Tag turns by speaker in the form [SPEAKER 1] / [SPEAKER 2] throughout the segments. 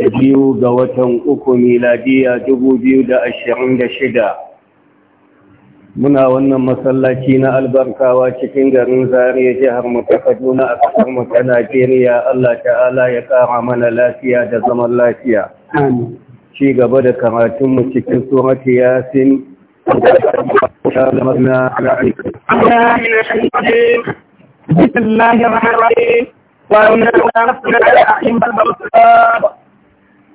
[SPEAKER 1] da biyu ga watan uku miladiya dubu biyu da ashirin da shida muna wannan masallaci na albarkawa cikin garin zariya jihar mu kaduna a kasar mu ta najeriya allah ta'ala ya kara mana lafiya da zaman lafiya ci gaba da karatunmu cikin surati yasin
[SPEAKER 2] بسم الله الرحمن الرحيم وأن نفسنا على أحيان البصار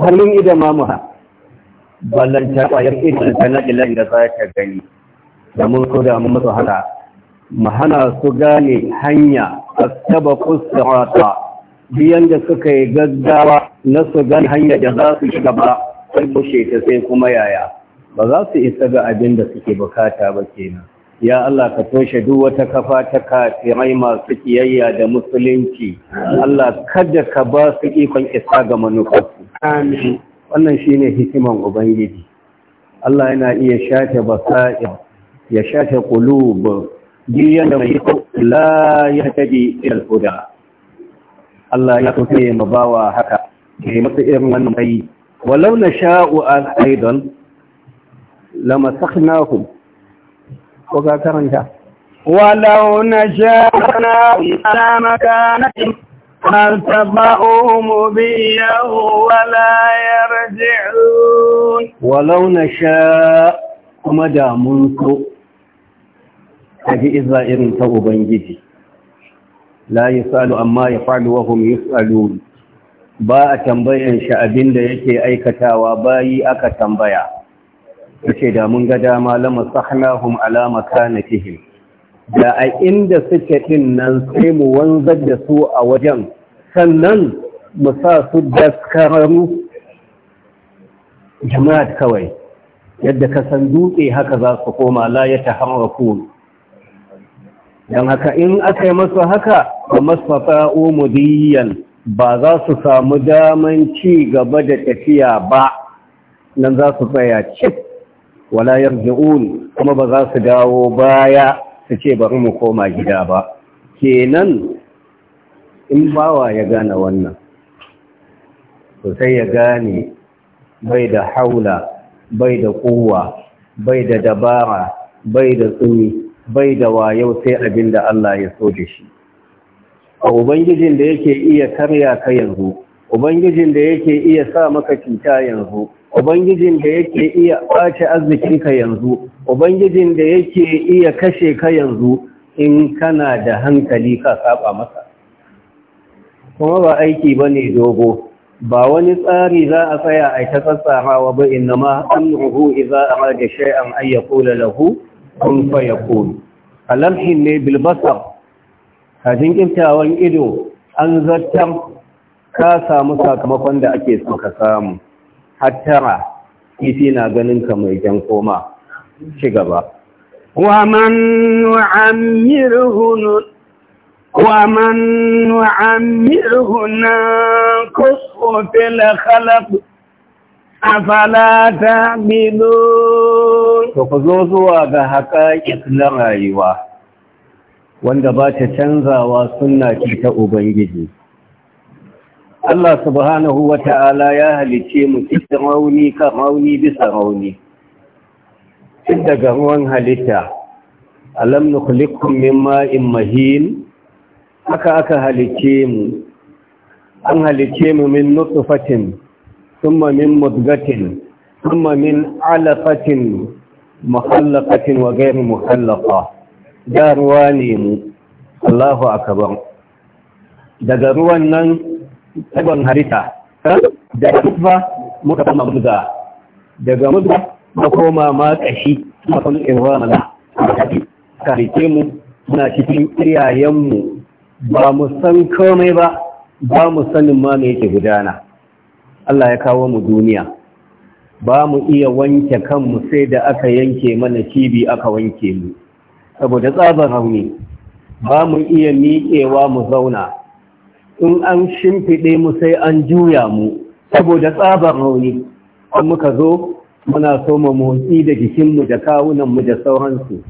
[SPEAKER 1] halin ida ma mu ha idan ta na ilahi da za ta gani da mun so da mun masu haka mu hana su gane hanya a taba kusurata biyan da suka yi gaggawa na su gane hanya da za su shiga ba sai bushe ta sai kuma yaya ba za su isa ga abin da suke bukata ba kenan ya Allah ka toshe duk wata kafa ta kafirai masu kiyayya da musulunci Allah kada ka ba su ikon isa ga manufarsu amin wannan shine hikiman ubangiji Allah yana iya shafe basair ya shafe qulub diyan da mai la yahtadi ila al-huda Allah ya kuke mabawa haka kai masa irin wannan bai walau nasha'u aidan lamasakhnahu ko ka karanta
[SPEAKER 2] walau na sha na makanatin بيه ولا يرجعون
[SPEAKER 1] ولو نشاء كما دامنكو أجي إذا إرن توبان لا يسأل أما يفعل وهم يسألون ba a tambayan shi abin da yake aikatawa bayi aka tambaya yake da mun ga dama lama sahnahum ala makanatihim da a inda suke din nan sai mu wanzar da su a wajen sannan mu sa su daskararu jama'at kawai yadda ka san dutse haka za su koma la ya taharraku dan haka in aka yi masu haka ba masfata'u mudiyan ba za su samu daman ci gaba da tafiya ba nan za su tsaya cik wala yarji'un kuma ba za su dawo baya su ce bari mu koma gida ba kenan in bawa ya gane wannan to sai ya gane bai da haula bai da kowa bai da dabara bai da tsumi bai da wayo sai abin da Allah ya so da shi a ubangijin da yake iya karya ka yanzu ubangijin da yake iya sa maka cuta yanzu ubangijin da yake iya ɓace ka yanzu ubangijin da yake iya kashe ka yanzu in kana da hankali ka saba masa kuma ba aiki ba ne dogo ba wani tsari za a tsaya a ta tsatsarawa ba inna ma amruhu a arada shay'an ay ayyako lahu kun fayakun alamhin ne bilbasar, basar kafin ido an zartar ka samu sakamakon da ake so ka samu hattara kifi na ganin ka mai jan koma ci gaba
[SPEAKER 2] wa man nu'ammirhu na kusko a khalaqu
[SPEAKER 1] ta ta'minu to ku zo zuwa ga haƙaƙi na rayuwa wanda ba ta canzawa suna ce ta ubangiji Allah subhanahu wa ta'ala ya halice mu cikin rauni kan rauni bisa rauni tun daga ruwan halitta alam nukhliqukum min ma'in mahin haka aka halice mu an halice mu min nutfatin summa min mudghatin summa min 'alaqatin mukhallaqatin wa ghayr mukhallaqa da ruwa ne mu Allahu akbar daga ruwan nan tsagon harita da mutba muka koma mutba daga mutba muka koma ma kashi muka koma a ka rike mu muna cikin iyayenmu ba mu san komai ba ba mu sanin ma me yake gudana Allah ya kawo mu duniya ba mu iya wanke kanmu sai da aka yanke mana cibi aka wanke mu saboda tsabar rauni ba mu iya miƙewa mu zauna in an shimfiɗe mu sai an juya mu saboda tsabar rauni an muka zo muna so mu motsi da jikinmu da kawunanmu da sauransu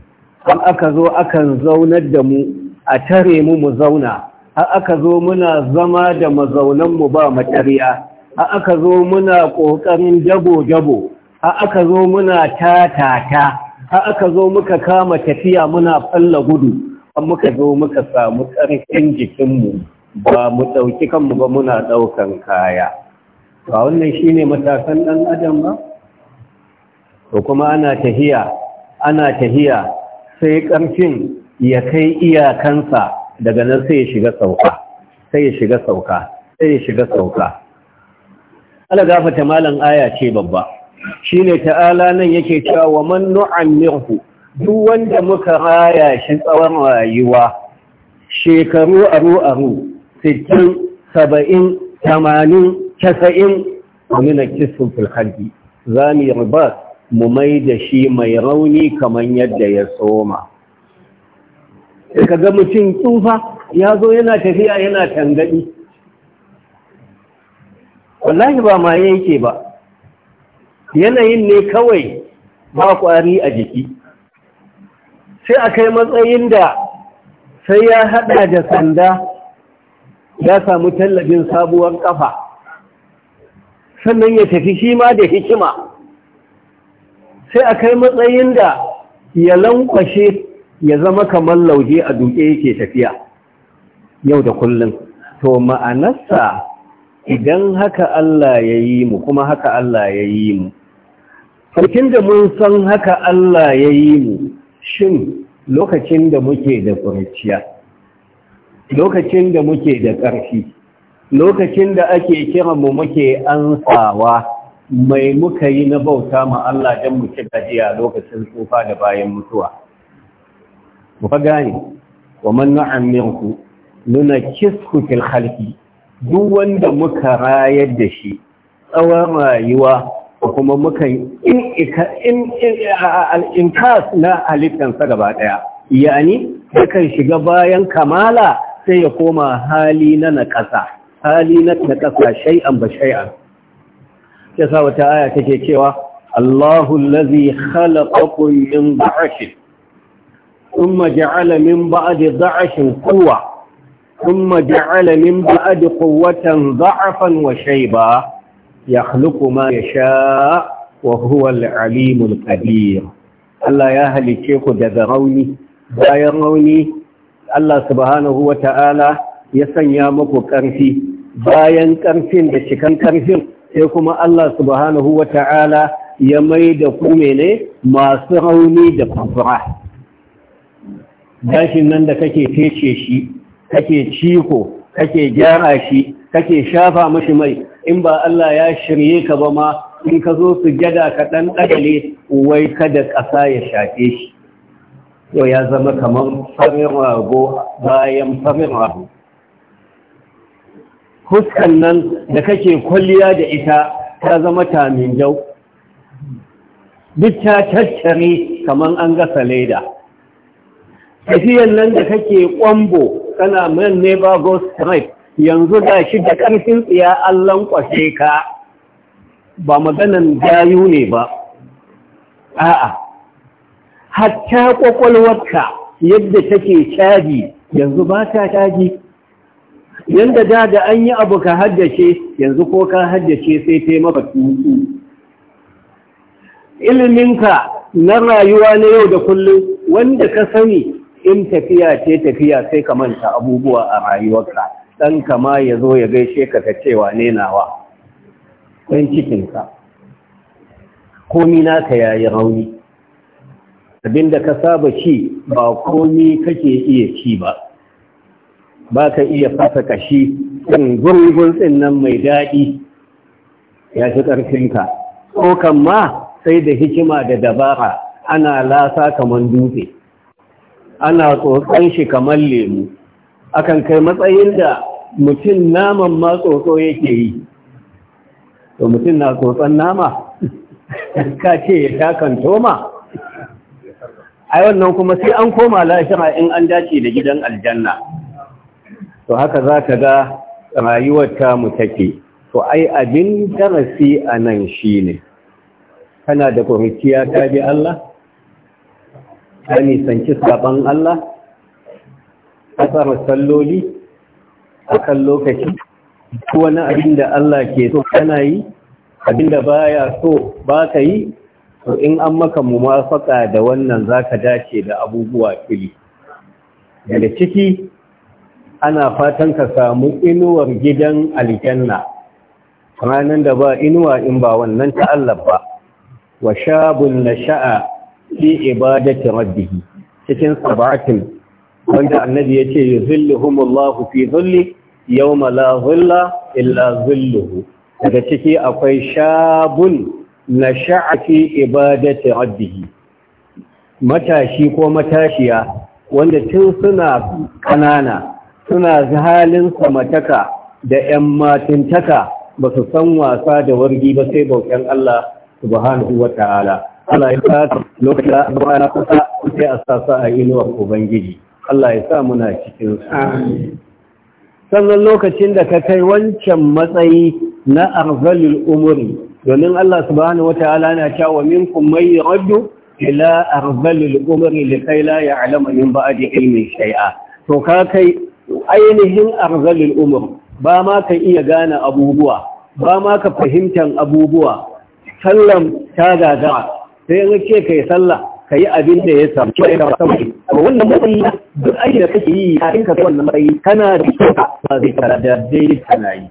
[SPEAKER 1] an aka zo akan zaunar da mu a tare mu mu zauna a aka zo muna zama da mazaunanmu ba matariya a aka zo muna ƙoƙarin jabo-jabo. a aka zo muna tatata a aka zo muka kama tafiya muna falla gudu an muka zo muka samu ƙarfin jikinmu ba mu ɗauki kanmu ba muna ɗaukan kaya ba wannan shi ne matakan ɗan adam ba to kuma ana tahiya ana tahiya sai ƙarfin ya kai iyakansa daga nan sai ya shiga sauka sai ya shiga sauka sai ya shiga sauka ala gafata malan aya ce babba shine ta'ala nan yake cewa wa man nu'ammirhu duk wanda muka raya shi tsawon rayuwa shekaru aru aru sittin saba'in tamanin casa'in amina kisun filharbi za mu yi mu mai da shi mai rauni kamar yadda ya soma ka ga mutum tsufa ya zo yana tafiya yana tangaɗi wallahi ba ma yake ba yanayin ne kawai ba kwari a jiki sai a kai matsayin da sai ya haɗa da sanda ya samu tallafin sabuwar ƙafa. sannan ya tafi shi ma da hikima sai a kai matsayin da ya lankwashe ya zama kamar lauje a duke yake tafiya yau da kullum to ma'anarsa idan haka Allah ya yi mu kuma haka Allah ya yi mu sarkin da mun san haka Allah ya yi mu shin lokacin da muke da kuriciya lokacin da muke da ƙarfi lokacin da ake kiran mu muke ansawa mai muka yi na bauta ma Allah don mu ci gajiya lokacin tsufa da bayan mutuwa ku fa gane wa man nu'ammirku nuna fil khalqi duk wanda muka rayar da shi tsawon rayuwa kuma muka in al'inkas na halittansa gaba ɗaya yani yakan shiga bayan kamala sai ya koma hali na na ƙasa. hali na naƙasa shay'an ba shay'an ya sa wata aya take cewa Allahu allazi khalaqakum min da'ashin thumma ja'ala min ba'di da'ashin quwwa thumma ja'ala min ba'di quwwatan da'afan wa shayba yakhluqu ma yasha wa huwa al-alimul qadir Allah ya halice ku daga rauni bayan rauni Allah subhanahu wa ta'ala ya sanya muku ƙarfi bayan ƙarfin da cikan ƙarfin sai kuma Allah subhanahu wa ta'ala ya mai da ku ne masu rauni da fafura gashin nan da kake fece shi kake ciko kake gyara shi kake shafa mashi mai in ba Allah ya shirye ka ba ma in ka zo su gyada ka ɗan ɗagale wai kada ƙasa ya shafe shi yau ya zama kamar farin rago bayan farin rago huskan nan da kake kwalliya da ita ta zama tamin jau duk ta tattare kamar an gasa leda tafiyan nan da kake kwambo kana man neighbor go strike yanzu da shi da karfin tsiya an lankwashe ka ba maganan jayu ne ba a'a hatta kwakwalwarka yadda take caji yanzu ba ta caji yadda da da an yi abu ka haddace yanzu ko ka haddace sai ta maka tutsu iliminka na rayuwa na yau da kullum wanda ka sani in tafiya ce tafiya sai ka manta abubuwa a rayuwarka ɗan kama ya zo ya gaishe ka ka cewa ne nawa ɗan cikinka komi naka yayi rauni Abin da ka saba ci ba komi kake iya ci ba ba ka iya fasa kashi ɗin gungun nan mai daɗi ya fi ƙarfinka kan ma sai da hikima da dabara ana lasa kamar dutse ana tsotson shi kamar lemu akan kai matsayin da mutum naman ma tsotso yake yi to mutum na tsotson nama ka ce ya takan toma a wannan kuma sai an koma lafiya in an dace da gidan aljanna to haka za ka ga rayuwar mu take to ai abin darasi a nan shi ne kana da kuriciya ta bi Allah Ta nisanci saban Allah ka tsara salloli a kan lokaci wani abin da Allah ke so kana yi abin da baya so ba ka yi to in an maka muwafaka da wannan zaka dace da abubuwa fili daga ciki ana fatan ka samu inuwar gidan aljanna ranar da ba inuwa in ba wannan ta Allah ba wa shabun nasha'a fi ibadati rabbih cikin sab'atin wanda annabi yace yuzilluhumullahu fi dhilli yawma la dhilla illa dhilluhu daga ciki akwai shabun nasha'a fi ibadati rabbihi matashi ko matashiya wanda tun suna kanana suna halin samataka da ƴan matintaka ba su san wasa da wargi ba sai bautan Allah subhanahu wa ta'ala Allah ya sa lokacin da ba na kusa sai a sasa a inuwar ubangiji Allah ya sa muna cikin sannan lokacin da ka kai wancan matsayi na arzalil umuri domin Allah subhanahu wata'ala na cewa minkum may yuraddu ila arzalil umri likai la ya'lamu min ba'di ilmin shai'a. to ka kai ainihin arzalil umar ba ma ka iya gane abubuwa ba ma ka fahimtar abubuwa sallam ta gagara sai an ce kai sallah ka yi abin da ya samu kai da sauri wannan matsayi duk aiki da kake yi kafin ka wannan matsayi kana da ba zai tara da daidai kana yi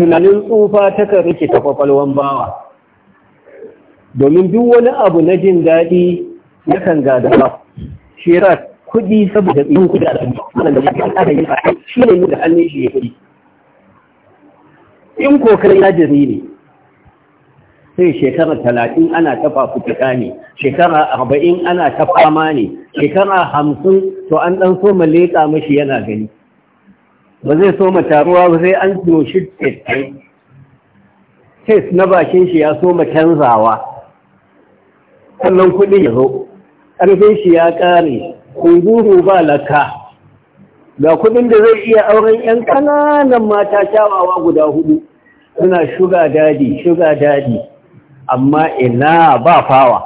[SPEAKER 1] tunanin tsufa ta rike ta kwakwalwan bawa domin duk wani abu na jin daɗi na kan gada ba shi ra kuɗi saboda yin kudi a ɗan da ya aka yi a shi ne da hannun shi ya kuɗi in kokarin ya jiri ne sai shekara talatin ana tafa fituka ne shekara arba'in ana ta ne shekara hamsin to an ɗan so leƙa mashi yana gani ba zai so soma taruwa ba sai an doshi tattai tes na bakin shi ya soma canzawa sannan kuɗi ya zo ƙarfin shi ya ƙare kunguru ba laka ga kuɗin da zai iya auren 'yan kananan mata kyawawa guda hudu suna shuga dadi shuga dadi amma ina ba fawa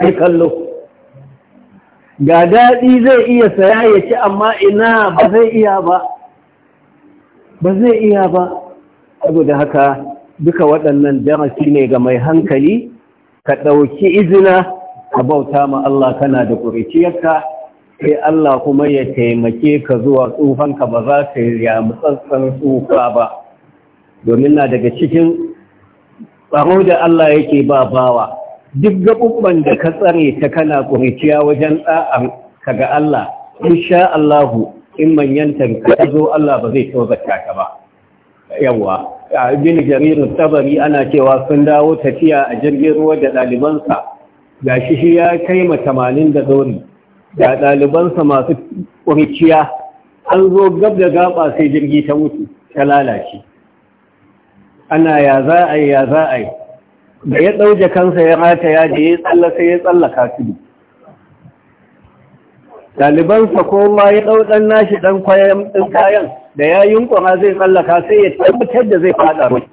[SPEAKER 1] sai kallo ga daɗi zai iya saya ya ci amma ina ba zai iya ba ba zai iya ba saboda haka duka waɗannan darasi ne ga mai hankali ka ɗauki izina ka bauta ma Allah kana da ƙuriciyarka sai Allah kuma ya taimake ka zuwa tsufanka ba za ka yi tsantsan tsufa ba domin na daga cikin tsaro da Allah yake ba bawa duk gaɓuɓɓan da ka tsare ta kana ƙuriciya wajen ɗa'ar ka ga Allah insha Allahu in manyan ka zo Allah ba zai tozarta ka ba a bin jaririn tabari ana cewa sun dawo tafiya a jirgin ruwa da ɗalibansa ga shi shi ya kai ma tamanin da zori da ɗalibansa masu ƙuriciya an zo gab da gaba sai jirgi ta mutu ta lalace ana ya za a yi ya za a yi da ya ɗauje kansa ya rata ya je ya tsalla sai ya tsallaka tudu ɗalibansa kowa ya ɗauɗan nashi ɗan kwayan ɗin kayan da ya yunkura zai tsallaka sai ya tabbatar da zai fada ruwa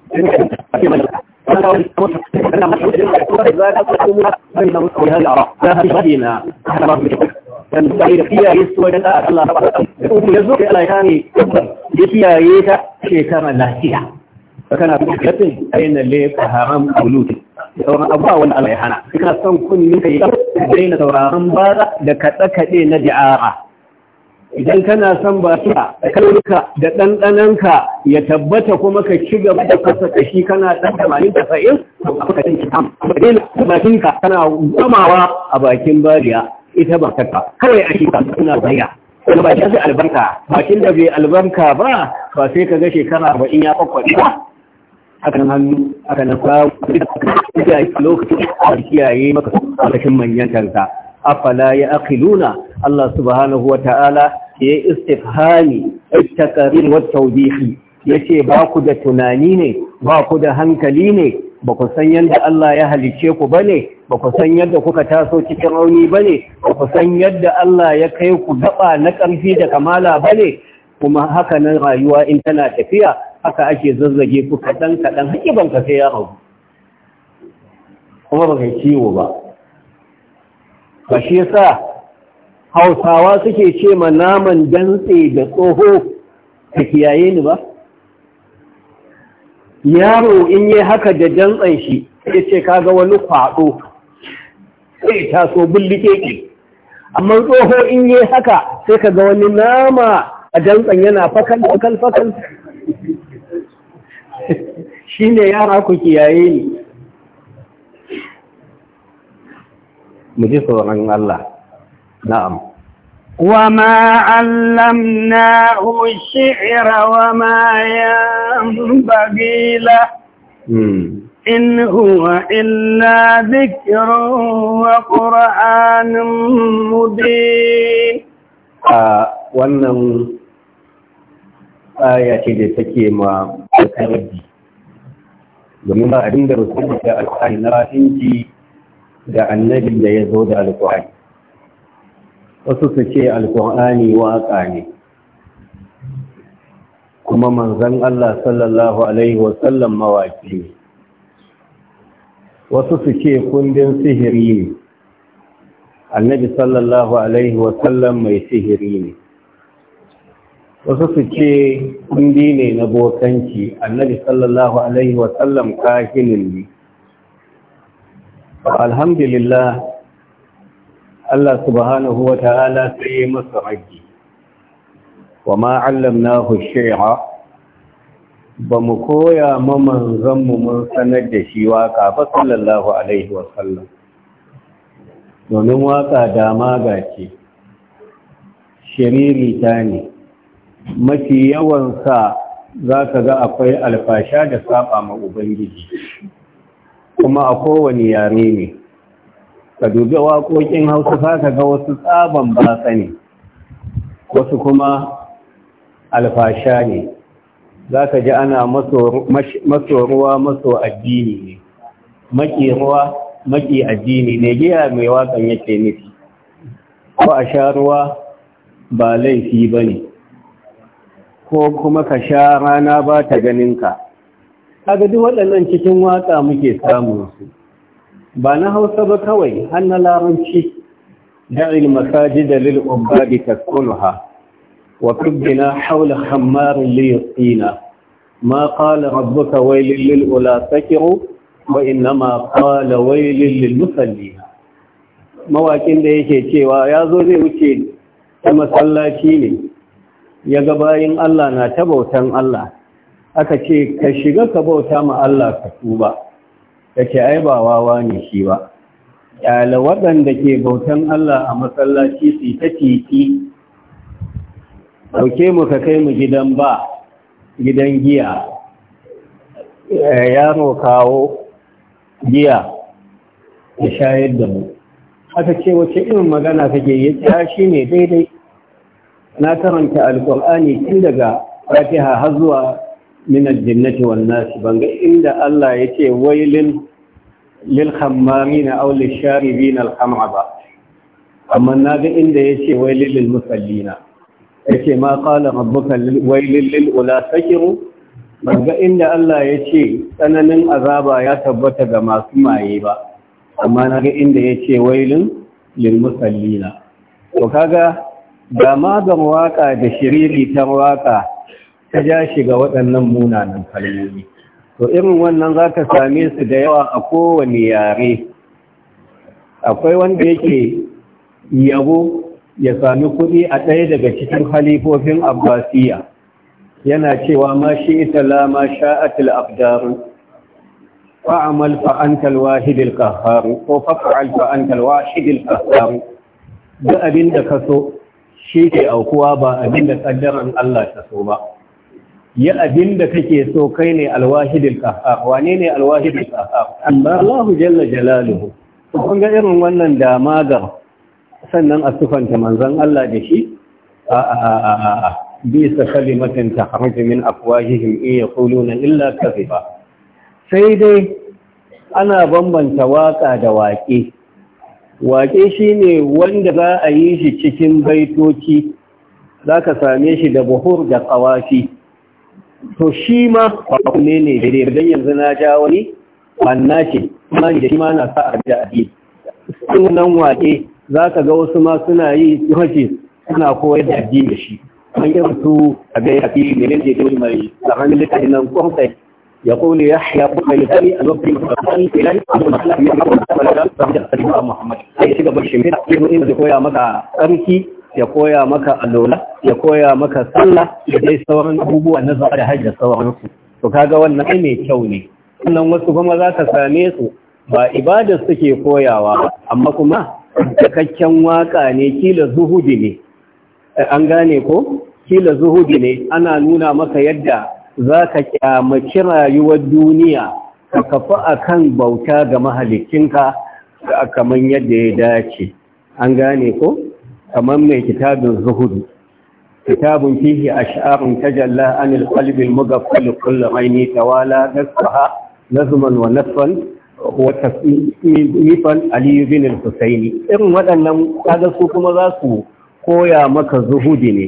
[SPEAKER 1] ya kiyaye ta shekara lafiya kana son kafe aina le haram buluti sauran abuwa wani Allah ya hana kana son kunnin kai daina sauraron bara da kaɗe kaɗe na di'ara idan kana son ba ta kalka da ɗanɗananka ya tabbata kuma ka ci gaba da kasa kashi kana ɗan tamanin da sa'in to ka fuka cin kitam ka daina ka kana gamawa a bakin bariya ita ba kaka kawai a shi ka suna baya ba ta albarka bakin da bai albarka ba ba sai ka ga shekara ba ya kwakwace ba haka hannu haka nan lokaci a maka manyan kanka afala ya aqiluna Allah subhanahu wa ta'ala ya istifhani at-taqrir wa at Ya yace ba ku da tunani ne ba ku da hankali ne ba ku san yadda Allah ya halice ku bane ba ku san yadda kuka taso cikin rauni bane ba ku san yadda Allah ya kai ku gaba na ƙarfi da kamala bane kuma haka nan rayuwa in tana tafiya haka ake zazzage ku kaɗan kaɗan haƙiban ka sai ya hau kuma ba kai ciwo ba ba shi yasa hausawa suke ce ma naman dantse da tsoho ka kiyaye ni ba yaro in yi haka da dantsen shi ya ce kaga wani kwaɗo sai taso bullikeke amma tsoho in yi haka sai ka ga wani nama a dantsen yana fakal fakal fakal shi ne yara ku kiyaye ni mu ji tsoron Allah na'am
[SPEAKER 2] wama allamna hu shi'ra wama ya bagila hmm. in huwa illa zikiru wa ƙura'anin
[SPEAKER 1] mudi a wannan tsaya ce da take ma domin ba abin da rasul da alƙari na rafinci da annabin da ya zo da alƙari wasu su ce alƙur'ani waƙa ne kuma manzan Allah sallallahu Alaihi wasallam mawaƙi ne wasu su ce kundin sihiri ne annabi sallallahu Alaihi wasallam mai sihiri ne wasu su ce kundi ne na bokanci annabi sallallahu alaihi wa sallam kahinin ne alhamdulillah Allah subhanahu wa ta'ala sai ya masa haƙi wa ma'allam na hushe'a ba mu koya mu mun sanar da shi waƙa ba sallallahu alaihi wa sallam. domin waka dama ga ce shiriri ta ne mafi yawansa za ka ga akwai alfasha da saba ma ubangiji kuma a kowane yare ne ka dubi waƙoƙin hausa za ka ga wasu tsaban batsa ne wasu kuma alfasha ne za ka ji ana maso ruwa maso addini ne maki ruwa maki addini ne giya mai waƙan yake nufi ko a sha ruwa ba laifi ba ne ko kuma ka sha rana ba ta ganinka kaga duk waɗannan cikin waƙa muke samu su ba na hausa ba kawai har na larabci da'il da lil ubadi taskunha wa kubbina hawla khammarin li yusina ما قال ربك ويل للأولى سكروا wai قال musalli للمسلين mawakin da yake cewa ya zo zai wuce ta masallaci ne ya ga bayin Allah na ta bautan Allah aka ce ka shiga ka bauta ma Allah ka tuba yake ai ba wawa ne shi ba yala waɗanda ke bautan Allah a masallaci su ta titi dauke mu ka kai mu gidan ba gidan giya eh, yaro kawo giya ya shayar da mu aka ce wace irin magana kake yi ta ah, shi ne daidai na karanta alkur'ani tun daga fatiha har zuwa min aljannati wan nas banga inda Allah ce wailin lil khammamin aw lil sharibin al khamra ba amma ga inda ce, wailin lil musallina ce ma qala rabbuka wailin lil ulasakiru banga inda Allah ce tsananin azaba ya tabbata ga masu maye ba amma na ga inda ce, wailin lil musallina to kaga da magan waka da shiriri ta waka ta ja shiga waɗannan munanan kalmomi to irin wannan za ka same su da yawa a kowane yare akwai wanda yake yabo ya sami kuɗi a ɗaya daga cikin halifofin abbasiya yana cewa ma shi itala ma sha'atul abdaru fa'amal fa'antar wahidil ƙaharu ko fa'amal fa'antar wahidil ƙaharu duk abin da ka so shi ke aukuwa ba abin da ƙaddaran Allah ta so ba Yi abin da kake so kai ne alwahidil qahhar wane ne alwahidil qahhar Allahu jalla jalaluhu kun ga irin wannan damagar. sannan a sufanta manzan Allah da shi a a a a bisa kalimatin takhruju min afwahihim in ya kulu na illa kadhiba sai dai ana bambanta waƙa da waƙe waƙe shi ne wanda za a yi shi cikin baitoci za ka same shi da buhur da kawafi to shi ma ne ne dai don yanzu na ja wani banna ce ma da shi ma na sa a da ake nan waƙe za ka ga wasu ma suna yi yawanci suna koyar da addini da shi an yi su a ga fi ne ne da mai tsakanin littafin nan kwamfai يقول يحيى بن الهي الوقت المتقن الى محمد sai shiga bashin bida ibn ibn ya koya maka tsarki ya koya maka alola ya koya maka sallah da dai sauran abubuwa na zuwa da hajji da sauran to kaga wannan ai mai kyau ne sannan wasu kuma za ka same su ba ibada suke koyawa amma kuma cikakken waka ne kila zuhudi ne an gane ko kila zuhudi ne ana nuna maka yadda za ka kyamaki rayuwar duniya ka kafa a kan bauta ga mahalikinka da kamar yadda ya dace an gane ko kamar mai kitabin zuhudu kitabun fihi sha'arun tajalla an ilkwalibin al-mughaffal kullu aini tawala na nazman wa nasfan wa tasmifan Aliyu binin al-husaini irin waɗannan kaga su kuma za su koya maka zuhudi ne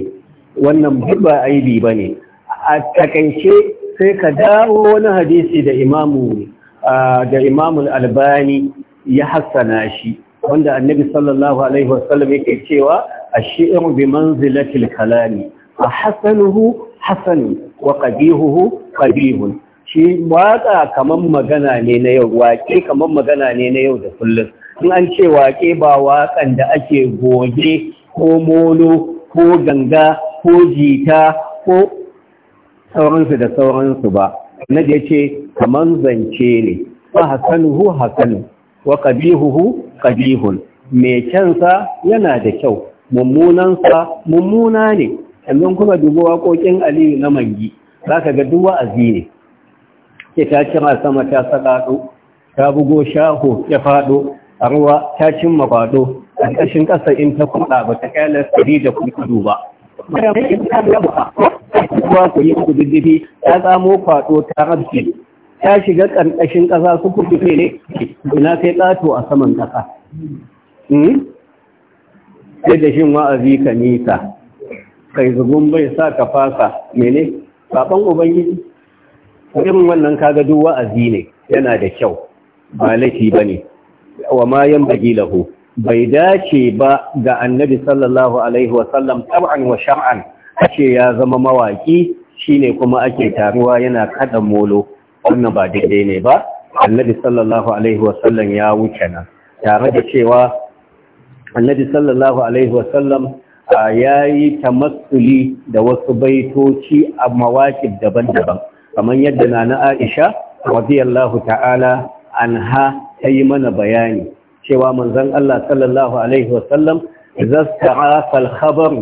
[SPEAKER 1] wannan ba aibi ne. a takaice sai ka dawo wani hadisi da imamu da imamu albani ya hassana shi wanda annabi sallallahu alaihi wasallam yake cewa a shiru bi manzilati kalami a hasanuhu hasan wa qabihuhu qabihun shi waka kaman magana ne na yau waƙe kaman magana ne na yau da kullum in an ce waƙe ba waƙan da ake goge ko mono, ko ganga ko jita ko sauransu da sauransu ba na da ce kamar zance ne fa hasanuhu hasanu wa qabihuhu ƙabihun mai kyansa yana da kyau mummunansa mummuna ne yanzu kuma dubu waƙoƙin aliyu na mangi za ka ga duwa a ne ke ta cima sama ta saƙaɗo ta bugo shaho ya faɗo a ruwa ta cimma faɗo a ƙashin ƙasa in ta kuma ba ta ƙyalar sari da kuma ba kada kuma ku yi ku diddifi ta samo kwaɗo ta rabbi ta shiga ƙarƙashin ƙasa su ku fito ne ina kai ƙato a saman ƙasa sai da shin wa'azi ka nisa kai zubun bai sa ka fasa mene saban ubangiji irin wannan kaga duk wa'azi ne yana da kyau ba laifi bane wa ma yan bagi lahu bai dace ba ga annabi sallallahu alaihi wasallam tab'an wa shar'an ake ya zama mawaki shine kuma ake taruwa yana kada molo wannan ba daidai ne ba annabi sallallahu alaihi wasallam ya wuce nan tare da cewa annabi sallallahu alaihi wasallam ya yi tamassuli da wasu baitoci a mawaki daban-daban kamar yadda na na aisha radiyallahu ta'ala anha ta yi mana bayani cewa manzan Allah sallallahu alaihi wasallam idza sta'afa al-khabar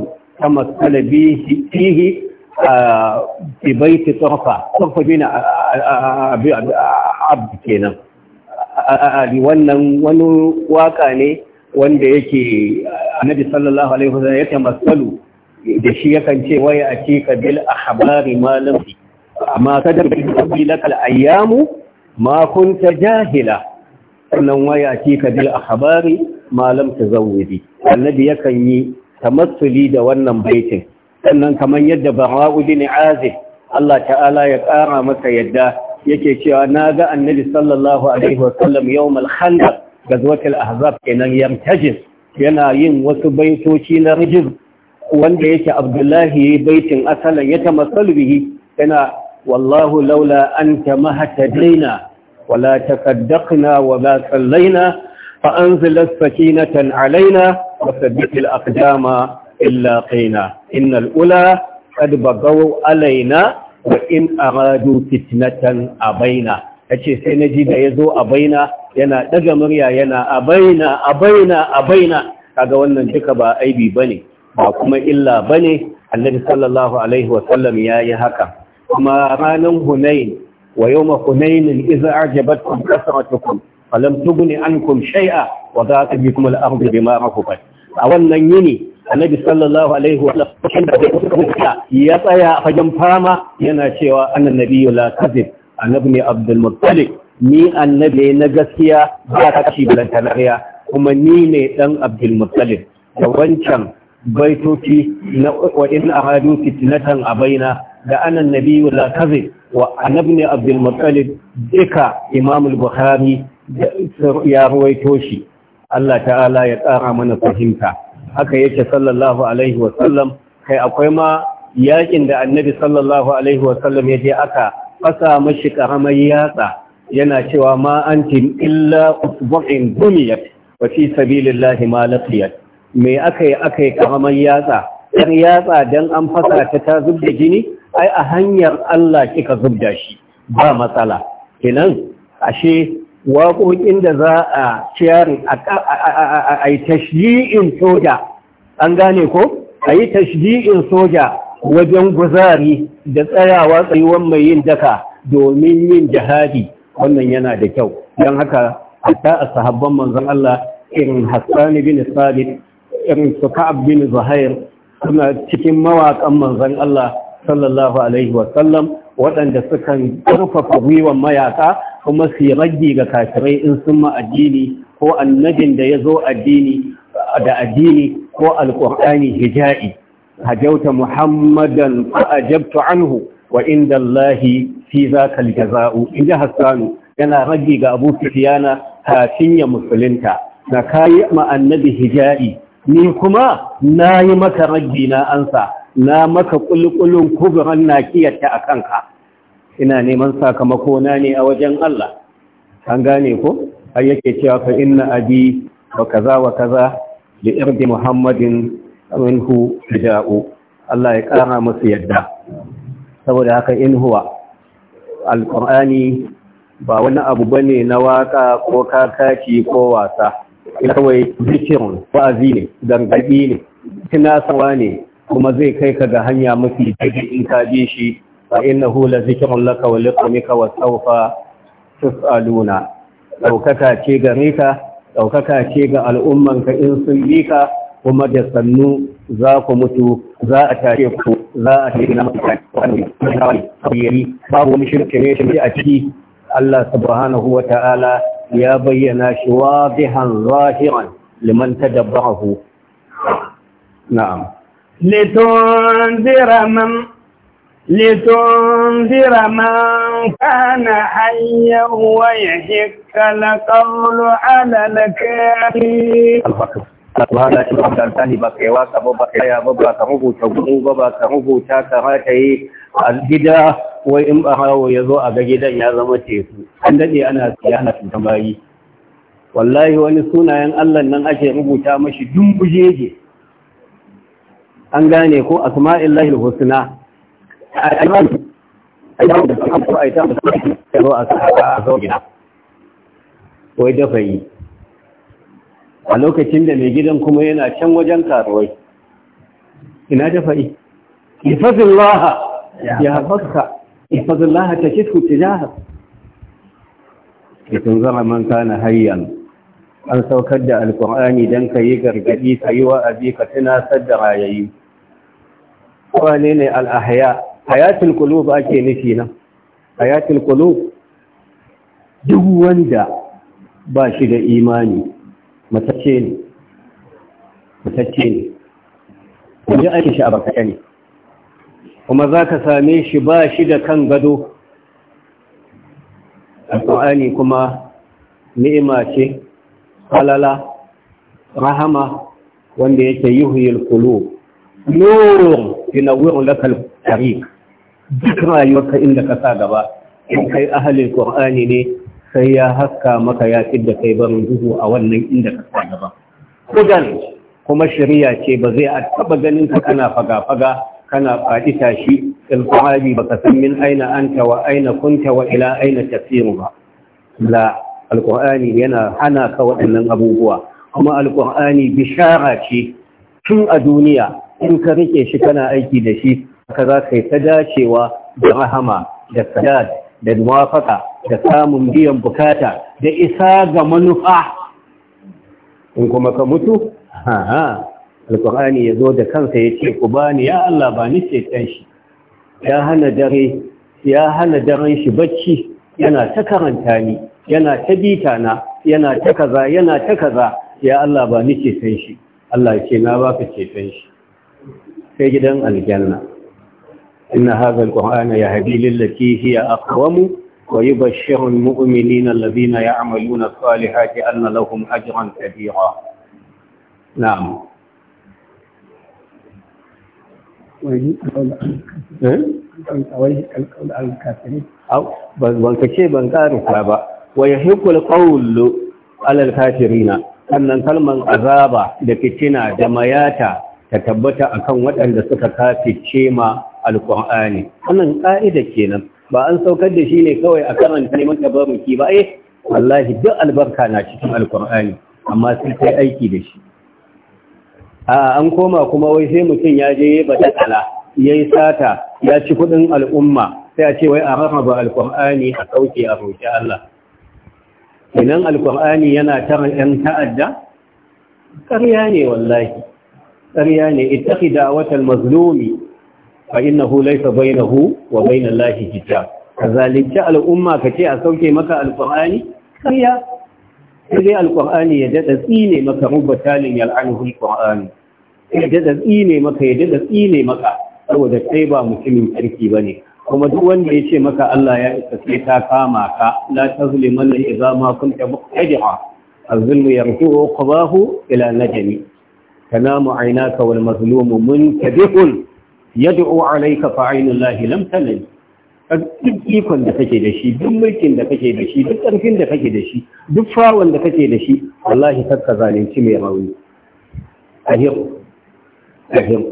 [SPEAKER 1] kama talabihi fihi a baiti tarfa tarfa bina abd kenan ali wannan wani waka ne wanda yake annabi sallallahu alaihi wasallam ya tamassalu da shi yakan ce waya a ce ka bil ahbari malam amma kadar bi laka al ayyamu ma kunta jahila sannan waya ce ka bil ahbari malam tazawwidi annabi yakan yi tamassuli da wannan baitin sannan kamar yadda bara'u bin azib Allah ta'ala ya ƙara masa yadda yake cewa na ga annabi sallallahu alaihi wasallam yawmal khandaq gazwatul ahzab kenan yamtajin yana yin wasu baitoci na rijis. wanda yake abdullahi baitin asalan ya ta bihi yana wallahu laula anta mahtadaina ولا تصدقنا وما صلينا فأنزل السكينة علينا وثبت الأقدام إلا قينا إن الأولى قد in علينا وإن أرادوا فتنة أبينا yace sai na ji da ya zo a baina yana ɗaga murya yana a baina a baina a baina kaga wannan duka ba aibi bane ba kuma illa bane annabi sallallahu alaihi yayi haka kuma ranan hunain ويوم حنين إذا أعجبتكم كثرتكم فلم تغن عنكم شيئا وضاقت بكم الأرض بما رحبت أولا يني النبي صلى الله عليه وسلم يا tsaya a fagen fama yana cewa annan nabiyyu la kadhib annabi ne abdul muttalib ni annabi na gaskiya ba ta kashi balantanariya kuma ni ne dan abdul muttalib da wancan baitoci na wa in abaina da anan nabiyyu la kadhib wa ne abdul muttalib duka imam al-bukhari ya ruwaito shi Allah ta'ala ya tsara mana fahimta haka yake sallallahu alaihi wa sallam kai akwai ma yakin da annabi sallallahu alaihi wa sallam ya je aka fasa mashi karamar yatsa yana cewa ma antin illa usbu'in dumiyat wa fi sabilillahi ma laqiyat me akai akai karamar yatsa dan yatsa dan an fasa ta ta zubda jini ai a hanyar Allah kika zubda shi ba matsala kenan ashe waƙoƙin da za a ciyarin a yi soja an gane ko a yi tashdi'in soja wajen guzari da tsayawa tsayuwan mai yin daka domin yin jihadi wannan yana da kyau don haka hatta a sahabban manzon Allah irin Hassan bin Sabit irin su bin Zuhair suna cikin mawaƙan manzon Allah sallallahu alaihi wasallam waɗanda sukan ƙarfafa gwiwan mayaka kuma su yi ga kafirai in sun ma addini ko annabin da ya zo addini da addini ko alƙur'ani hija'i hajauta muhammadan ajabtu anhu wa inda Allahi fi zaka aljaza'u in ji hassanu yana ragi ga abu sufiyana kafin ya musulunta na kayi ma annabi hija'i ni kuma na yi maka raggi na ansa na maka kulkulun kubran na kiyarta a kanka ina neman sakamako na ne a wajen Allah an gane ko har yake cewa fa inna abi wa kaza wa kaza li irdi muhammadin minhu ja'u Allah ya kara musu yadda saboda haka in huwa alqur'ani ba wani abu bane na waka ko kakaci ko wasa kawai zikirin wa'azi ne gargaɗi ne Kina ne kuma zai kai ka ga hanya mafi daidai in ka bi shi fa innahu la zikrun laka wa liqamika wa sawfa tus'aluna daukaka ce gare ka daukaka ce ga al'umman ka in sun bi ka kuma da sannu za ku mutu za a tare ku za a tare na mutane wani babu wani shirke ne shi a ciki Allah subhanahu wa ta'ala ya bayyana shi wadihan zahiran liman tadabbahu na'am
[SPEAKER 2] لتنذر من لتنذر من كان حيا ويحق القول على الكافرين
[SPEAKER 1] Alfahada in abdanta ne ba kai waka ba ba kaya ba ba ka rubuta gudu ba ba ka rubuta ka rataye a gida wai in barawo ya zo a ga gidan ya zama teku an daɗe ana siya na tambayi wallahi wani sunayen allah nan ake rubuta mashi dumbuje an gane ko asma'illahi al-husna wai dafa yi a lokacin da mai gidan kuma yana can wajen karuwai ina dafa yi ifazin laha ya haɓaka ifazin laha ta shi ta jihar ikin zama man kana hayyan an saukar da alkur'ani don ka yi gargaɗi ka yi wa'azi ka tunasar da rayayi wane ne al'ahaya hayatul ba ake nufi nan hayatul qulub duk wanda ba shi da imani matacce ne matacce ne kuma ake shi a bakata ne kuma za ka same shi ba shi da kan gado alƙa'ani kuma ni'ima ce halala rahama wanda yake yuhuyil qulub nuru yunawwiru lakal tariq duk rayuwarka inda ka sa gaba in kai ahalin ƙur'ani ne sai ya haska maka ya da kai barin duhu a wannan inda ka sa gaba kudan kuma shari'a ce ba zai a taba ganin ka kana faga-faga kana faɗi tashi alfahari baka san min aina anta aina kunta wa ila aina tasiru ba la alqur'ani yana hana ka waɗannan abubuwa kuma alqur'ani bishara ce tun a duniya in ka rike shi kana aiki da shi ka za ka yi ta dacewa da rahama da sadad da muwafaka da samun biyan bukata da isa ga manufa in kuma ka mutu ha alkur'ani ya zo da kansa ya ce ku bani ya Allah ba ni shi ya hana dare ya hana daren shi bacci yana ta karanta ni yana ta bita na yana ta kaza yana ta kaza ya Allah ba ni shi Allah ya ce na ba ce ceton shi sai gidan aljanna inna hadha alqur'ana yahdi lillati hiya aqwam wa yubashshiru almu'minina alladhina ya'maluna as-salihati anna lahum ajran kabira na'am eh? ban kace ban karisa ba wa yahiqul qawlu alal kafirina sannan kalman azaba da fitina da mayata ta tabbata akan waɗanda suka kafice ma alƙur'ani wannan ƙa'ida kenan ba an saukar da shi ne kawai a karanta neman tabarruki ba eh wallahi duk albarka na cikin alƙur'ani amma sun kai aiki da shi a an koma kuma wai sai mutum ya je ba tsala. ya yi sata ya ci kuɗin al'umma sai a ce wai a rarraba alƙur'ani a sauke a roƙi Allah Idan alƙur'ani yana tara 'yan ta'adda ƙarya ne wallahi ƙarya ne ittaqi watan mazlumi fa innahu laysa bainahu wa bainal lahi hijab kazalika al'umma kace a sauke maka alqur'ani ƙarya sai alqur'ani ya dada tsine maka rubatalin yal'anuhu alqur'ani ya dada tsine maka ya dada tsine maka saboda kai ba mutumin kirki bane kuma duk wanda ya ce maka Allah ya isa sai ta kama ka la tazliman idza ma kunta muqtadi'a az-zulmu yarji'u qabahu ila najmi تنام عيناك والمظلوم منكدح يدعو عليك فعين الله لم تنل duk ikon da kake da shi duk mulkin da kake da shi duk ƙarfin da kake da shi duk fawon da kake da shi wallahi kakka zalunci mai rauni ahim ahim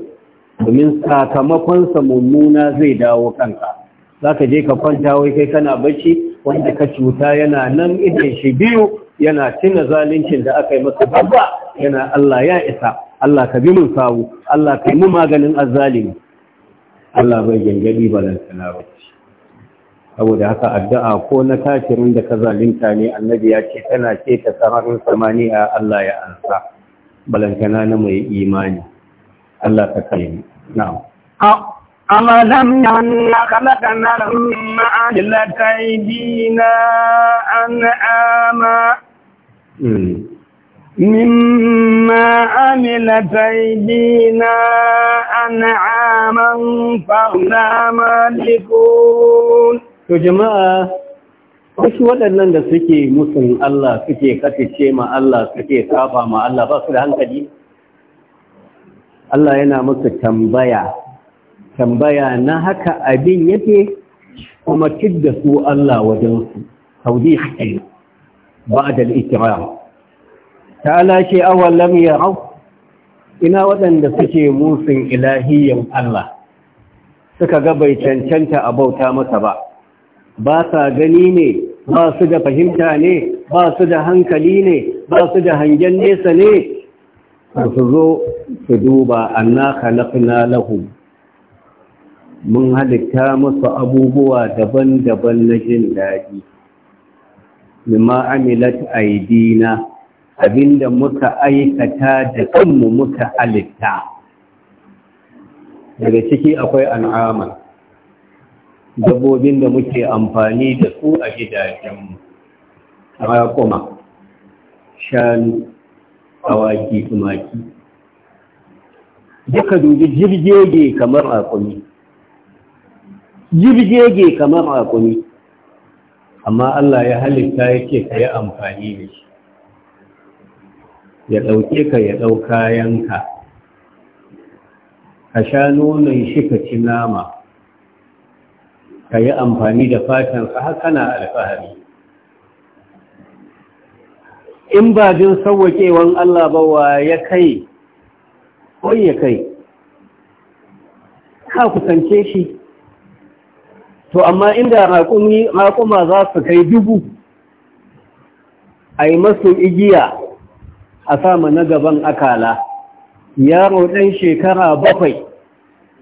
[SPEAKER 1] domin sakamakonsa mummuna zai dawo kanka za ka je ka kwanta wai kai kana bacci wanda ka cuta yana nan idan shi biyu yana tuna zaluncin da aka yi masa babba yana Allah ya isa Allah ka bi mun sawu Allah ka yi mu maganin azzalimi Allah bai gangadi da sanarwa saboda haka addu'a ko na kafirin da ka zalunta ne annabi ya ce tana ce ta sararin samaniya Allah ya ansa balantana na mai imani Allah ka kai ni na'am
[SPEAKER 2] أولم يهن خلقنا لهم عدلة أيدينا أنعاما مما عملت أيدينا أنعاما فهنا مالكون
[SPEAKER 1] to jama'a wasu waɗannan da suke musun Allah suke kafice ma Allah suke kafa ma Allah ba su da hankali Allah yana musu tambaya tambaya na haka abin yake kuma da su Allah wajen su tawdih ba da al’ikirar. ta lashe awon ya hau ina waɗanda suke musin ilahiyyar Allah suka ga bai cancanta a bauta masa ba ba sa gani ne ba su da fahimta ne ba su da hankali ne ba su da hangen nesa ne su zo su duba anna khalaqna lahum mun halitta masu abubuwa daban-daban na jin daɗi mimma amilat aidina abinda muka aikata da kanmu muka halitta, daga ciki akwai al'ama, dabbobin da muke amfani da su a gidajenmu raƙuma shanu awaki tumaki duka dubi jirgege kamar raƙumi jirgege kamar raƙumi amma Allah ya halitta yake ka yi amfani da shi ya ɗauke ka ya ɗau kayanka ka sha nonon shi ka ci nama ka yi amfani da fatansa haka na alfahari in ba jin sauwaƙewan Allah ba wa ya kai ko ya kai ka kusance shi to amma inda raƙuma za su kai dubu a yi masu igiya a sama na gaban akala yaro ɗan shekara bakwai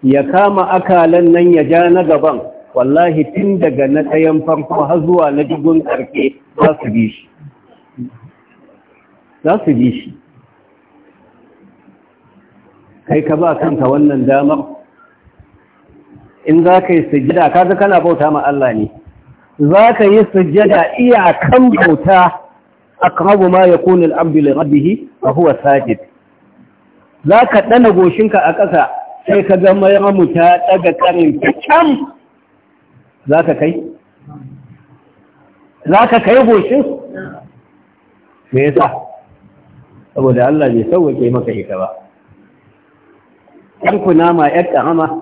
[SPEAKER 1] ya kama akalan nan ya ja na gaban wallahi tun daga na ɗayan farko har zuwa na jigun ƙarfe za su bi shi za su bi shi kai ka ba kanka wannan damar in za ka yi sujjada ka na bauta ma Allah ne za ka yi sujjada iyakan bauta aqrabu ma yakunu al-abdu li rabbihi wa huwa sajid zaka dana goshinka a ƙasa sai ka ga mai ramu ta daga karin kyam zaka kai zaka kai goshin me yasa saboda Allah bai sauke maka ita ba ku nama yar karama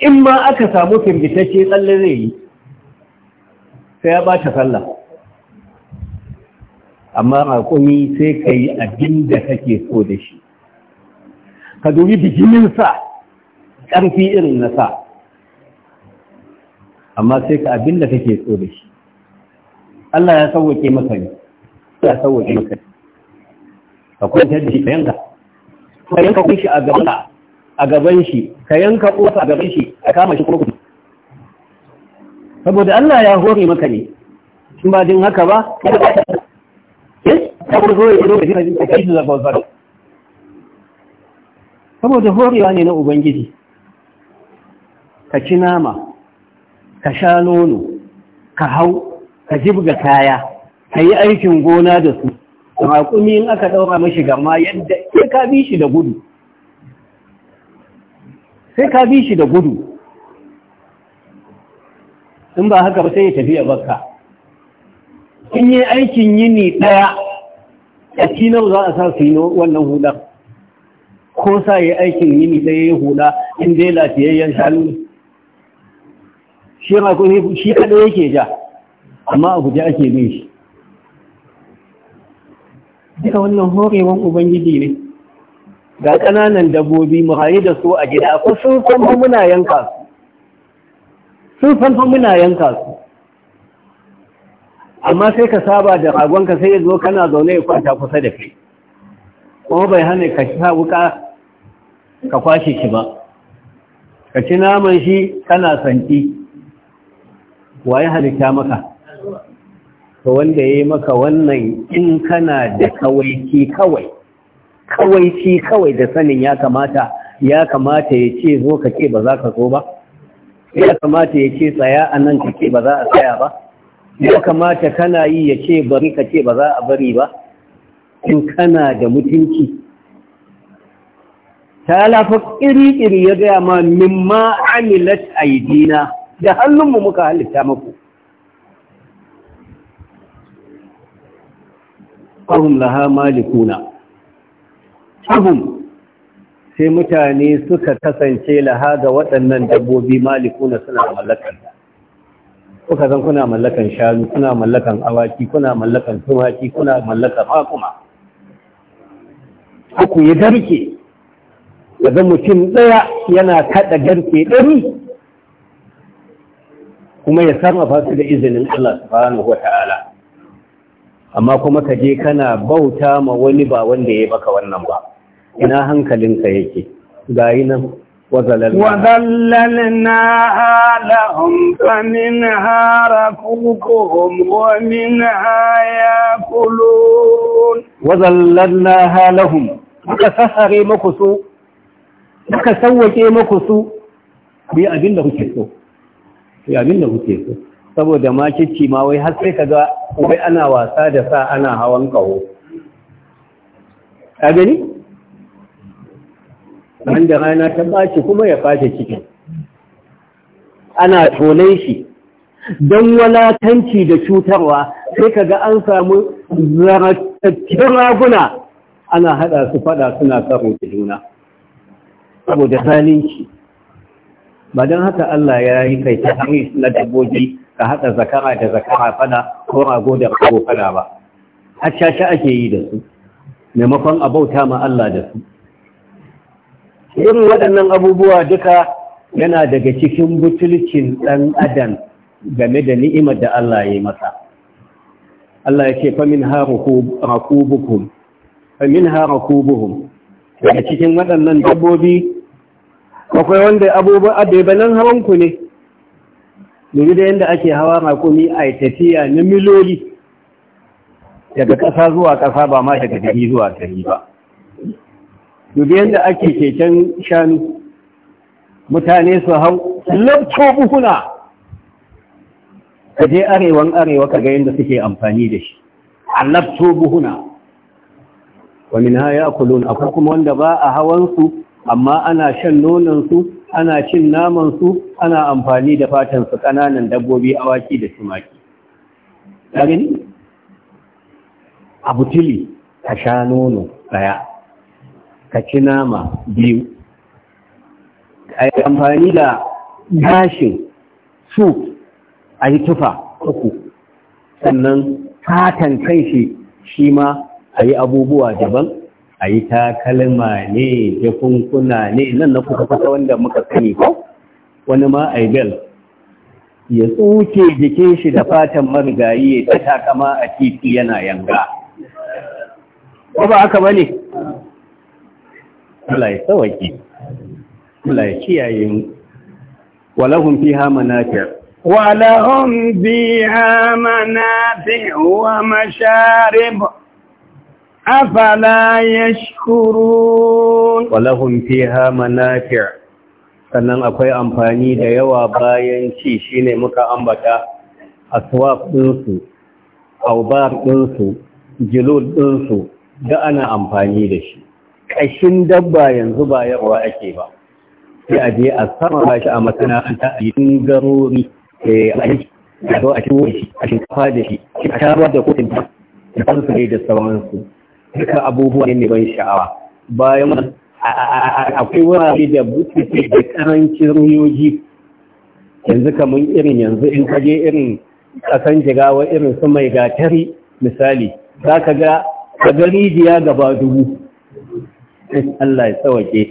[SPEAKER 1] in ma aka samu firgitacce tsalle zai yi sai ya ɓata sallah amma kuni sai ka yi abinda kake so da shi ka dubi bijiminsa ƙarfi irin na sa amma sai ka abinda kake so da shi Allah ya sauwake maka ne ya sauwake maka ka kwantar da shi ka yanka ka yanka shi a gaban shi ka yanka ƙofa a gaban shi ka kama shi kurkuku saboda Allah ya hori maka ne in ba jin haka ba saboda horewa ne na ubangiji ka ci nama ka sha nono ka hau ka jibga kaya ka yi aikin gona da su raƙumi in aka ɗaura mashi gama yadda sai ka bi shi da gudu sai ka bi shi da gudu in ba haka ba sai ya tafi ya bakka in yi aikin yini ɗaya a cinar za a sa su yi wannan hudar ko sa yi aikin yini ɗaya ya hula in dai lafiyayyen shanu shi shi kaɗai yake ja amma a guje ake bin shi duka wannan horewan ubangiji ne ga ƙananan dabbobi mu haye da su a gida ko sun san muna yanka su sun san muna yanka su amma sai ka saba da ragonka sai ya zo kana zaune ya kwanta kusa da kai kuma bai hana ka sha wuka ka kwashe shi ba ka ci naman shi kana santi waye halitta maka to wanda ya yi maka wannan in kana da kawaici kawai kawaici kawai da sanin ya kamata ya kamata ya ce zo ka ce ba za ka zo ba ya kamata ya ce tsaya a nan ka ce ba za a tsaya ba ya kamata kana yi ya ce bari ka ce ba za a bari ba in kana da mutunci ta lafa ƙiri-ƙiri ya gaya ma mimma amilat aidina da hannunmu muka halitta maku ƙahun laha malikuna ƙahun sai mutane suka kasance laha ga waɗannan dabbobi malikuna suna mallakan kuka zan kuna mallakan shanu kuna mallakan awaki kuna mallakan tumaki kuna mallakan hakuma ku yi garke daga mutum ɗaya yana kaɗa garke ɗari kuma ya sarrafa su da izinin Allah subhanahu wata'ala amma kuma ka je kana bauta ma wani ba wanda ya baka wannan ba ina hankalinka yake gayi nan وذللناها
[SPEAKER 2] min فمنها ركوبهم ومنها
[SPEAKER 1] ياكلون وذللناها لهم muka sassare maku su muka sauwake maku su ku yi abin kuke so ku yi abin kuke so saboda ma kici ma wai har sai kaga wai ana wasa da sa ana hawan kawo. ka gani wanda rana ta ɓaci kuma ya fashe cikin ana tonai shi don walatanci da cutarwa sai kaga an samu zaratattun raguna ana haɗa su faɗa suna karo da juna saboda zalunci ba don haka Allah ya yi kai ta hari na dabbobi ka haɗa zakara da zakara fada ko rago da rago fada ba har ake yi da su maimakon a bauta ma Allah da su Yin waɗannan abubuwa duka yana daga cikin butulcin ɗan adam game da ni'imar da Allah ya yi masa Allah ya ce famin harakubukum famin harakubuhum daga cikin waɗannan dabbobi akwai wanda abubuwa abebanan hawanku ne domin da yadda ake hawa rakumi a tafiya na miloli daga ƙasa zuwa ƙasa ba ma daga gari zuwa gari ba dubi yadda ake keken shanu mutane su hau labto buhuna ka je arewan arewa ka ga yadda suke amfani da shi a labto buhuna Wani na ya kulun akwai kuma wanda ba a hawansu amma ana shan nonansu ana cin namansu ana amfani da fatansu ƙananan dabbobi awaki da tumaki ɗarin abu tili ka sha nono ɗaya ka ci nama biyu a yi amfani da gashin su a yi tufa uku sannan fatan kai shi shi ma a yi abubuwa daban a yi takalma ne jakunkuna ne nan na kuka kusa wanda muka sani ko wani ma a yi bel ya tsuke jikin shi da fatan marigayi ta takama a titi yana yanga ko ba aka bane Allah ya sauke Allah ya kiyaye mu walahum fiha manafi' ولهم فيها منافع
[SPEAKER 2] ومشارب
[SPEAKER 1] أفلا يشكرون ولهم فيها منافع sannan akwai amfani da yawa bayan ci shine muka ambata aswaf ɗinsu aubar ɗinsu jilud ɗinsu da ana amfani da shi ƙashin dabba yanzu ba yawa ake ba sai a je a sama ba shi a masana'anta a yi garori eh, a yi a zo a ci shi a shinkafa da shi a shabar da kotun da kansu ne da sauransu duka abubuwa ne mai ban sha'awa bayan akwai wurare da bututu da karancin riyoji yanzu kamar irin yanzu in kaje irin kasan jigawa irin su mai gatari misali za ka ga a gari jiya gaba dubu Allah ya tsawake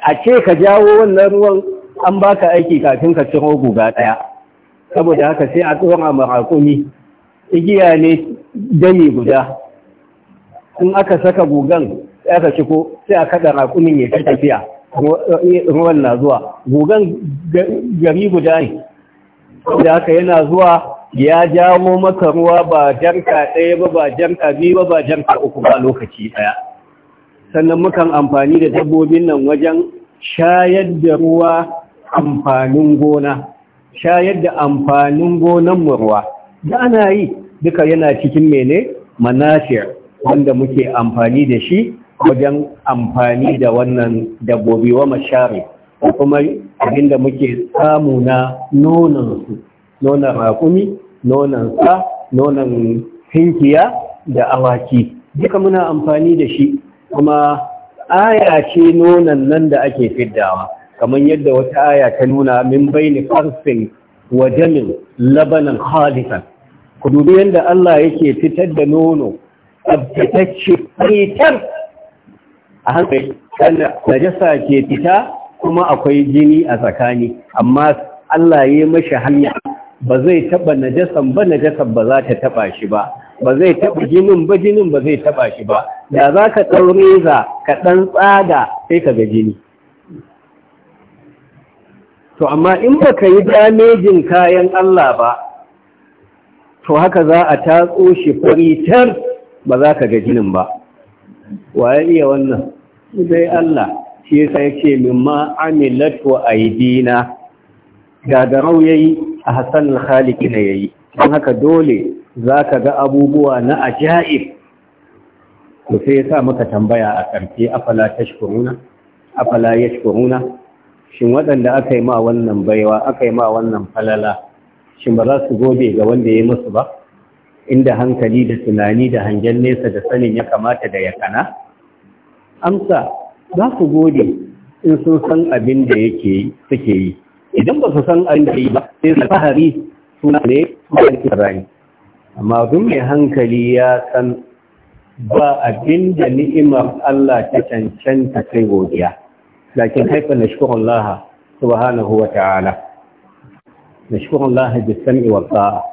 [SPEAKER 1] a ce ka jawo wannan ruwan an baka aiki kafin ka ciro guga ɗaya saboda haka sai a tsohon a marakumi igiya ne dami guda in aka saka gugan aka ciko sai a kada rakumin ya fi tafiya ruwan na zuwa gugan gari guda ne da haka yana zuwa ya jawo maka ruwa ba janka ɗaya ba ba janka biyu ba ba janka uku ba lokaci ɗaya sannan mukan amfani da dabbobin nan wajen shayar da ruwa amfanin gona shayar da amfanin gonan ruwa da ana yi duka yana cikin mene manasir wanda muke amfani da shi wajen amfani da wannan dabbobi wa mashari kuma abinda muke samu na nonansu nonan rakumi nonan sa nonan hinkiya da awaki duka muna amfani da shi kuma aya ce nonon nan da ake fiddawa kamar yadda wata aya ta nuna min baini farsin wa jamin labanan halifan ku dubi yadda Allah yake fitar da nono tsabtatacce fitar a hankali najasa ke fita kuma akwai jini a tsakani amma Allah ya mashi hanya ba zai taba najasan ba najasan ba za ta taba shi ba ba zai taɓa jinin ba jinin ba zai taɓa shi ba da za ka ɗaure za ka ɗan tsada sai ka ga jini to amma in ba ka yi damejin kayan Allah ba to haka za a tatso shi faritar ba za ka ga jinin ba wa ya iya wannan zai Allah shi yasa min mimma amilat wa aidina gagarau yayi a Hassan al-khaliq ya yayi don haka dole za ka ga abubuwa na ajaib to sai ya sa muka tambaya a ƙarfe afala tashkuruna afala yashkuruna shin waɗanda aka yi ma wannan baiwa aka yi ma wannan falala shin ba za su gobe ga wanda ya musu ba inda hankali da tunani da hangen nesa da sanin ya kamata da ya kana amsa za su gode in sun san abin da yake suke yi idan ba su san abin da yi ba sai su fahari suna ne su ne amma duk mai hankali ya san ba abin da ni'imar Allah ta cancanta kai godiya lakin haifa na shukurin laha subhanahu wa ta'ala na shukurin laha da sami wa ta'a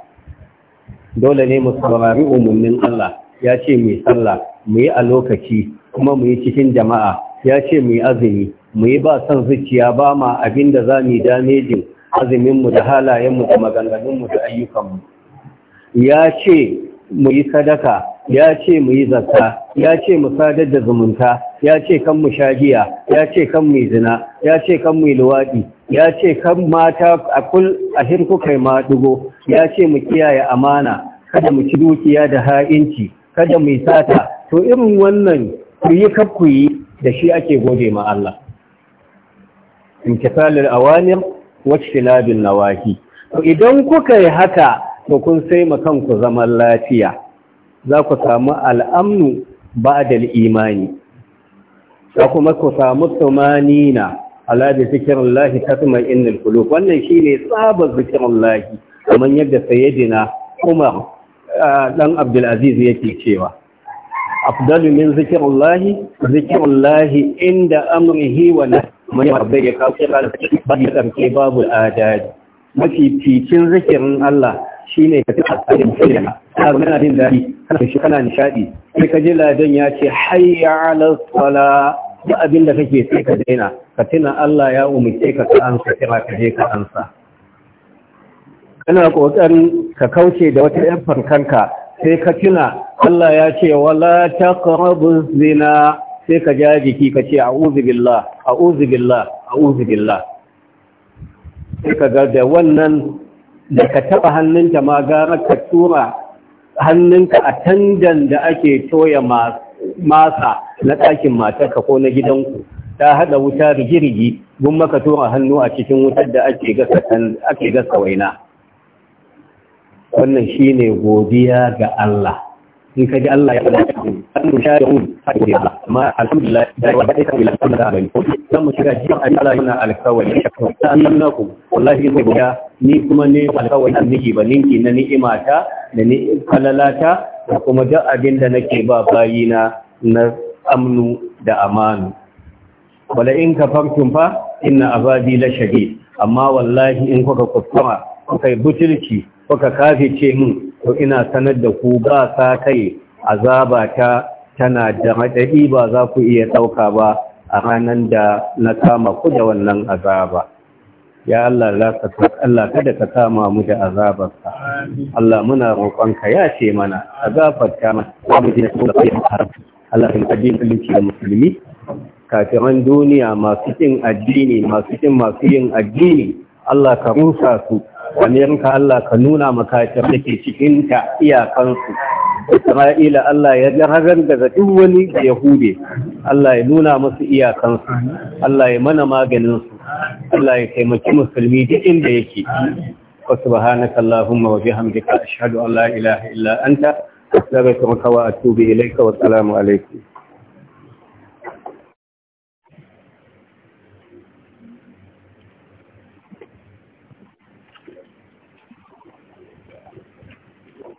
[SPEAKER 1] dole ne mu saurari umarnin Allah ya ce mai sallah mu yi a lokaci kuma mu yi cikin jama'a ya ce mu yi azumi mu yi ba son zuciya ba ma abin da za mu yi damejin azuminmu da halayenmu da maganganunmu da ayyukanmu ya ce mu yi sadaka ya ce mu yi zakka ya ce mu sadar da zumunta ya ce kan mu shagiya ya ce kan mu zina ya ce kan mu luwaɗi ya ce kan mata a kul a hirku ma dugo ya ce mu kiyaye amana kada mu ci dukiya da ha'inci kada mu sata to irin wannan ku yi kaf ku yi da shi ake gode ma Allah imtisalul awamir wa ijtinabin nawahi to idan kuka yi haka to kun sai kanku zaman lafiya za ku samu al'amnu ba da imani za kuma ku samu tumanina ala da zikirin lahi ta tuma inil kulu wannan shi ne tsabar zikirin lahi kamar yadda sayidina umar dan abdulaziz yake cewa afdalu min zikirin lahi inda amrihi wa nahyi rabbi ya kawo kira da babu adadi mafi cikin zikirin Allah Shi ne ka tafi a cikin sirriya kana zama na jin daɗi kana shi kana nishaɗi sai ka ji ladan ya ce hayya ala sala duk abin da kake sai ka daina ka tuna Allah ya umarce ka ka ansa kira ka je ka ansa kana kokarin ka kauce da wata yan farkanka sai ka tuna Allah ya ce wala taqrabu zina sai ka ja jiki ka ce a'udhu billah a'udhu billah a'udhu billah sai ka ga da wannan da ka taɓa hannunta ma gara ka tura hannunka a tandan da ake toya masa na ɗakin matarka ko na gidanku ta haɗa wuta rigirigi gun maka tura hannu a cikin wutar da ake gasa waina wannan shi ne godiya ga Allah in ka ji Allah ya faɗa cikin hannun shari'a yawon haɗe Allah amma alhamdulillah da yawa baɗe kan ilan da abin zan mu shiga jiyan Allah yana alkawari ta annan naku wallahi zai goya ni kuma ne alkawari na nake ba ninki na ni'imata da ni falalata da kuma duk abin da nake ba bayina na amnu da amanu wala in ka kafartum fa inna abadi la shadid amma wallahi in kuka kuskura kuka butulci kuka ce min to ina sanar da ku ba sa kai azaba ta tana da madadi ba za ku iya dauka ba a ranan da na kama ku da wannan azaba ya Allah Allah kada ka kama mu da azabarka Allah muna roƙonka ya ce mana azabarka mana da Allah kan addini kullu da musulmi kafiran duniya masu cin addini masu cin masu yin addini Allah ka rusa su ka Allah ka nuna makafir da ke cikin ta iyakansu Isra'ila Allah ya jahagar da duk wani Yahude Allah ya nuna musu iyakansu Allah ya mana maganinsu Allah ya taimaki musulmi duk inda yake wa subhanaka allahumma wa bihamdika ashhadu an la ilaha illa anta astaghfiruka wa atubu ilayka wa assalamu alaikum